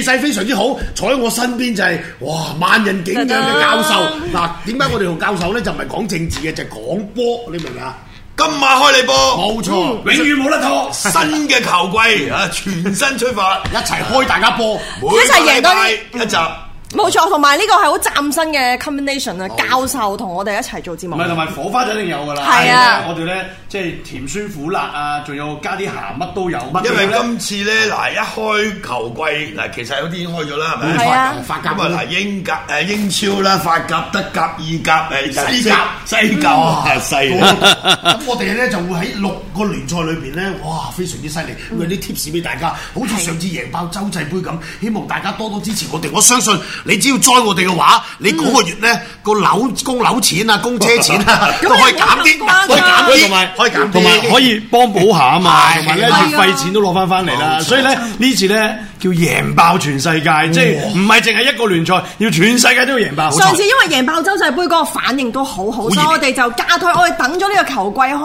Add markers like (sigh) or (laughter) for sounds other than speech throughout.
氣勢非常之好，坐喺我身邊就係、是、哇，萬人景仰嘅教授，嗱，點解我哋同教授咧就唔係講政治嘅，就係講波，你明唔明啊？今晚開你波，冇錯錯，嗯、永遠冇得拖，嗯、新嘅球季啊， (laughs) 全新出發，一齊開大家波，一齊贏多啲，一集。一冇錯，同埋呢個係好嶄新嘅 combination 啊！教授同我哋一齊做節目，唔係同埋火花，就一定有㗎啦。係啊，我哋咧即係甜酸苦辣啊，仲有加啲鹹，乜都有。因為今次咧嗱，一開球季嗱，其實有啲已經開咗啦，係咪啊？唔係啊！啊嗱，英格誒英超啦，法甲、德甲、意甲誒，西甲、西甲啊，西甲啦！咁我哋咧就會喺六個聯賽裏邊咧，哇，非常之犀利，有啲 tips 俾大家，好似上次贏爆洲際杯咁，希望大家多多支持我哋，我相信。你只要栽我哋嘅話，你嗰個月咧個樓供樓錢啊，供車錢啊，都可以減啲，可以減啲，可以減啲，同埋可以幫補下啊嘛，同埋咧月費錢都攞翻翻嚟啦，所以咧呢次咧。叫贏爆全世界，哦、即係唔係淨係一個聯賽，要全世界都要贏爆。上次因為贏爆洲際杯嗰個反應都好好，很所以我哋就加推，打我哋等咗呢個球季開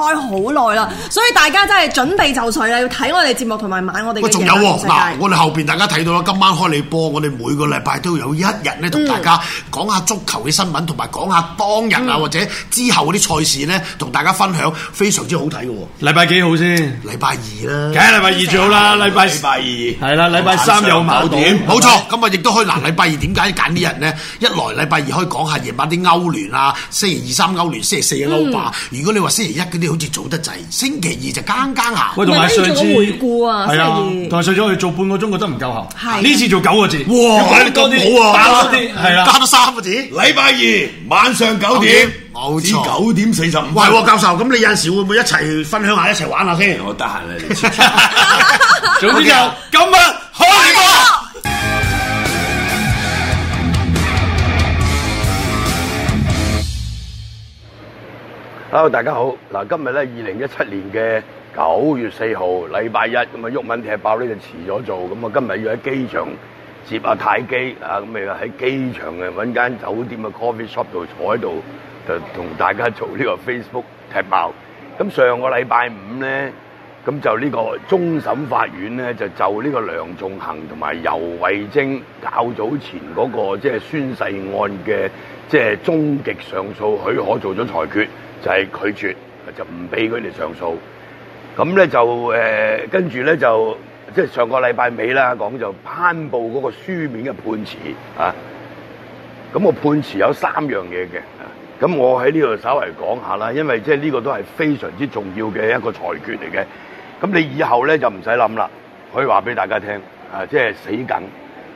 好耐啦，所以大家真係準備就緒啦，要睇我哋節目同埋買我哋嘅贏爆全世界。嗱、哦，我哋後邊大家睇到啦，今晚開你波，我哋每個禮拜都有一日咧同大家講下足球嘅新聞，同埋講下當日啊、嗯、或者之後嗰啲賽事咧，同大家分享非常之好睇嘅、哦。禮拜幾號先？禮拜二啦，梗係禮拜二最好啦。禮拜二係啦，禮拜。三有矛盾，冇錯。咁啊，亦都可以。嗱，禮拜二點解揀啲人咧？一來禮拜二可以講下夜晚啲歐聯啊，星期二三歐聯，星期四歐霸。如果你話星期一嗰啲好似早得滯，星期二就更更行。我同阿尚子做個回顧啊。係啊，但係上咗去做半個鐘覺得唔夠喉。呢次做九個字，哇！冇喎，加多啲係啦，加多三個字。禮拜二晚上九點，冇錯，九點四十五。喂，教授，咁你有陣時會唔會一齊分享下，一齊玩下先？我得閒啦，早啲又今日。Hello 大家好。嗱，今日咧，二零一七年嘅九月四號，禮拜一，咁啊，毓民踢爆呢就遲咗做，咁啊，今日要喺機場接阿泰基啊，咁啊喺機場嘅搵間酒店嘅 coffee shop 度坐喺度，就同大家做呢個 Facebook 踢爆。咁上個禮拜五咧，咁就呢個終審法院咧就就呢個梁頌恆同埋游蕙禎較早前嗰個即係宣誓案嘅。即係終極上訴許可做咗裁決，就係、是、拒絕，就唔俾佢哋上訴。咁咧就誒，跟住咧就即係上個禮拜尾啦，講就頒布嗰個書面嘅判詞啊。咁我判詞有三樣嘢嘅，咁我喺呢度稍微講下啦，因為即係呢個都係非常之重要嘅一個裁決嚟嘅。咁你以後咧就唔使諗啦，可以話俾大家聽啊，即係死梗，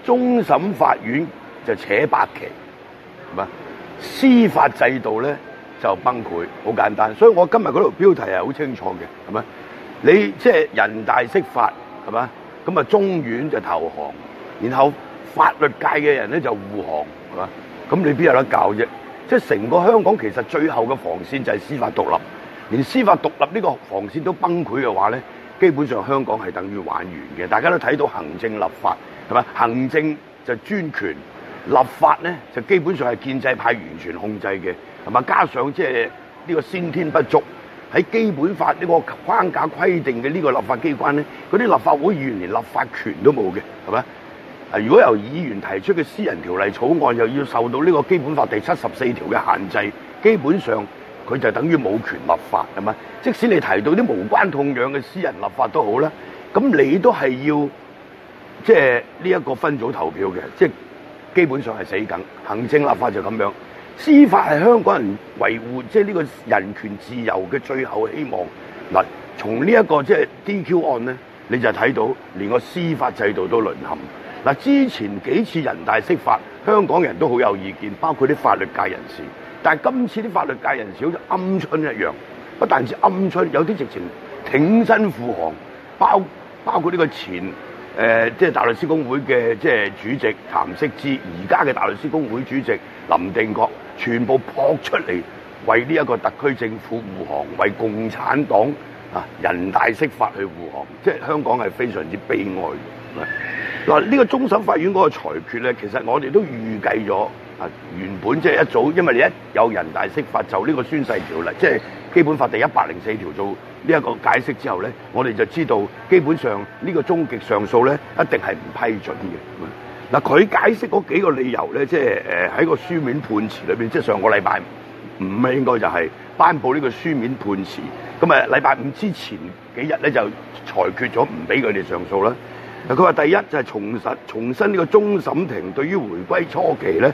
終審法院就扯白旗。係嘛？司法制度咧就崩潰，好簡單。所以我今日嗰條標題係好清楚嘅，係嘛？你即係人大釋法，係嘛？咁啊終院就投降，然後法律界嘅人咧就護航，係嘛？咁你邊有得教啫？即係成個香港其實最後嘅防線就係司法獨立，連司法獨立呢個防線都崩潰嘅話咧，基本上香港係等於玩完嘅。大家都睇到行政立法，係嘛？行政就專權。立法咧就基本上係建制派完全控制嘅，同埋加上即係呢個先天不足，喺基本法呢個框架規定嘅呢個立法機關咧，嗰啲立法會議員連立法權都冇嘅，係咪？啊，如果由議員提出嘅私人條例草案，又要受到呢個基本法第七十四條嘅限制，基本上佢就等於冇權立法，係咪？即使你提到啲無關痛癢嘅私人立法都好啦，咁你都係要即係呢一個分組投票嘅，即基本上係死梗，行政立法就咁樣，司法係香港人維護即係呢個人權自由嘅最後希望。嗱，從呢一個即係 DQ 案咧，你就睇到連個司法制度都淪陷。嗱，之前幾次人大釋法，香港人都好有意見，包括啲法律界人士。但係今次啲法律界人士好似鵪鶉一樣，不但止鵪鶉，有啲直情挺身護航，包括包括呢個錢。誒，即係大律師公會嘅即係主席譚允芝，而家嘅大律師公會主席林定國，全部撲出嚟為呢一個特區政府護航，為共產黨啊人大釋法去護航，即係香港係非常之悲哀。嗱，呢個終審法院嗰個裁決咧，其實我哋都預計咗。原本即係一早，因為你一有人大釋法就呢個宣誓條例，即係基本法第一百零四條做呢一個解釋之後咧，我哋就知道基本上呢個終極上訴咧一定係唔批准嘅。嗱，佢解釋嗰幾個理由咧，即係喺個書面判詞裏面，即係上個禮拜五啊，應該就係頒布呢個書面判詞。咁啊，禮拜五之前幾日咧就裁決咗唔俾佢哋上訴啦。佢話第一就係重實重申呢個終審庭對於回歸初期咧。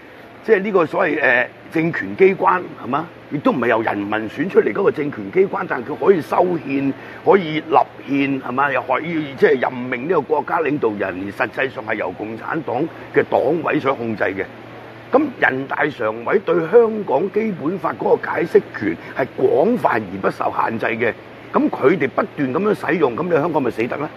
即係呢個所謂誒政權機關係嘛，亦都唔係由人民選出嚟嗰個政權機關，但係佢可以修憲、可以立憲係嘛，又可以即係任命呢個國家領導人，而實際上係由共產黨嘅黨委所控制嘅。咁人大常委對香港基本法嗰個解釋權係廣泛而不受限制嘅，咁佢哋不斷咁樣使用，咁你香港咪死得咧？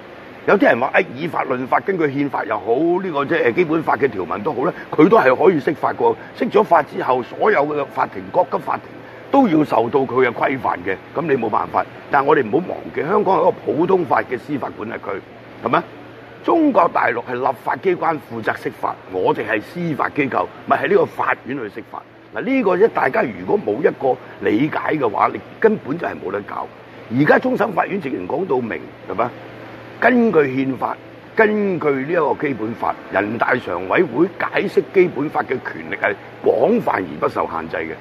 有啲人話誒以法論法，根據憲法又好呢個即係基本法嘅條文都好咧，佢都係可以釋法過。釋咗法之後，所有嘅法庭、各級法庭都要受到佢嘅規範嘅。咁你冇辦法，但係我哋唔好忘記，香港係一個普通法嘅司法管轄區，係咪？中國大陸係立法機關負責釋法，我哋係司法機構，咪係呢個法院去釋法嗱？呢、呢個大家如果冇一個理解嘅話，你根本就係冇得搞。而家終審法院直情講到明，係咪？根據憲法，根據呢一個基本法，人大常委會解釋基本法嘅權力係廣泛而不受限制嘅。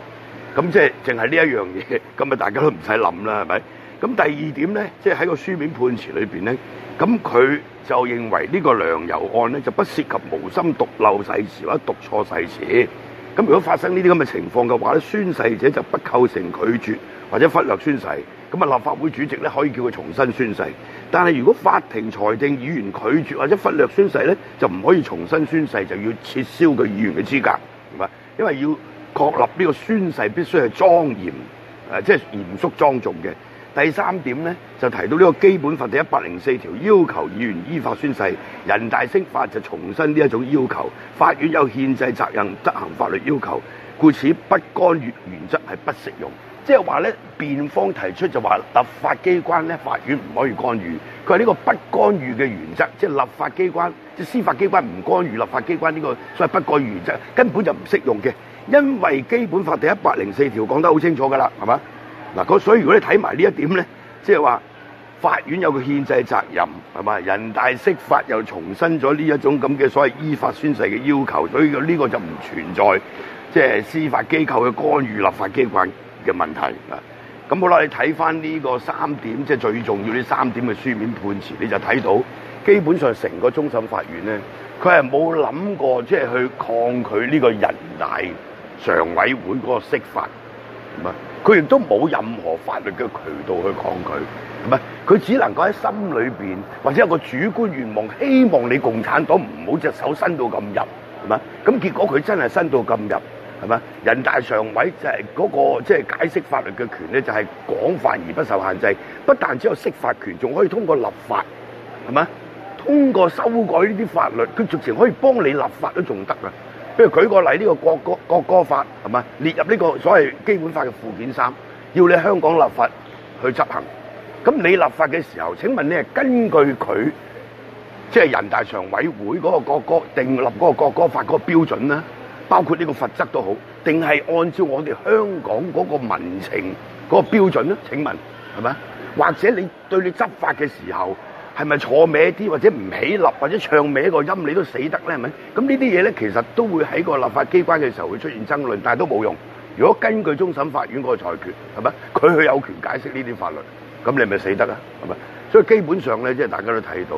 咁即係淨係呢一樣嘢，咁咪大家都唔使諗啦，係咪？咁第二點呢，即係喺個書面判詞裏邊呢，咁佢就認為呢個梁游案呢就不涉及無心讀漏誓詞或者讀錯誓詞。咁如果發生呢啲咁嘅情況嘅話咧，宣誓者就不構成拒絕或者忽略宣誓。咁啊，立法會主席呢，可以叫佢重新宣誓。但係如果法庭裁定議員拒絕或者忽略宣誓呢，就唔可以重新宣誓，就要撤銷佢議員嘅資格係嘛？因為要確立呢個宣誓必須係莊嚴，誒即係嚴肅莊重嘅。第三點呢，就提到呢個基本法第一百零四條要求議員依法宣誓，人大釋法就重申呢一種要求，法院有憲制責任執行法律要求，故此不干預原則係不適用。即係話咧，辯方提出就話立法機關咧，法院唔可以干預。佢話呢個不干預嘅原則，即係立法機關、即司法機關唔干預立法機關呢個所謂不干預原則，根本就唔適用嘅。因為基本法第一百零四條講得好清楚㗎啦，係嘛？嗱，所以如果你睇埋呢一點咧，即係話法院有個憲制責任，係嘛？人大釋法又重申咗呢一種咁嘅所謂依法宣誓嘅要求，所以呢個就唔存在即係司法機構嘅干預立法機關。嘅問題嗱，咁好啦，你睇翻呢個三點，即係最重要呢三點嘅書面判詞，你就睇到基本上成個終審法院咧，佢係冇諗過即係去抗拒呢個人大常委會嗰個釋法，係嘛？佢亦都冇任何法律嘅渠道去抗拒，係咪？佢只能夠喺心裏面，或者有個主觀願望，希望你共產黨唔好隻手伸到咁入，係嘛？咁結果佢真係伸到咁入。係嘛？人大常委就係嗰個即係解釋法律嘅權咧，就係廣泛而不受限制。不但只有釋法權，仲可以通過立法，係嘛？通過修改呢啲法律，佢直情可以幫你立法都仲得㗎。比如舉個例，呢個國歌國歌法係嘛？列入呢個所謂基本法嘅附件三，要你香港立法去執行。咁你立法嘅時候，請問你係根據佢，即係人大常委會嗰個國歌定立嗰個國歌法嗰個標準咧？包括呢個罰則都好，定係按照我哋香港嗰個民情嗰個標準咧？請問係咪？或者你對你執法嘅時候係咪錯歪啲，或者唔起立，或者唱歪個音，你都死得咧？係咪？咁呢啲嘢咧，其實都會喺個立法機關嘅時候會出現爭論，但係都冇用。如果根據終審法院嗰個裁決係咪？佢去有權解釋呢啲法律，咁你咪死得啊？係咪？所以基本上咧，即係大家都睇到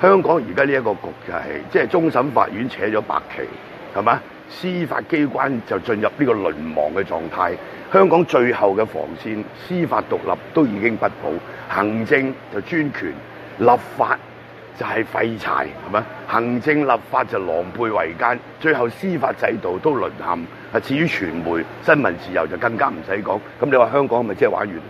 香港而家呢一個局就係、是、即係終審法院扯咗白旗係咪？司法機關就進入呢個淪亡嘅狀態，香港最後嘅防線司法獨立都已經不保，行政就專權，立法就係廢柴，係咪行政立法就狼狽為奸，最後司法制度都淪陷，啊！至於傳媒新聞自由就更加唔使講，咁你話香港係咪即係玩完了？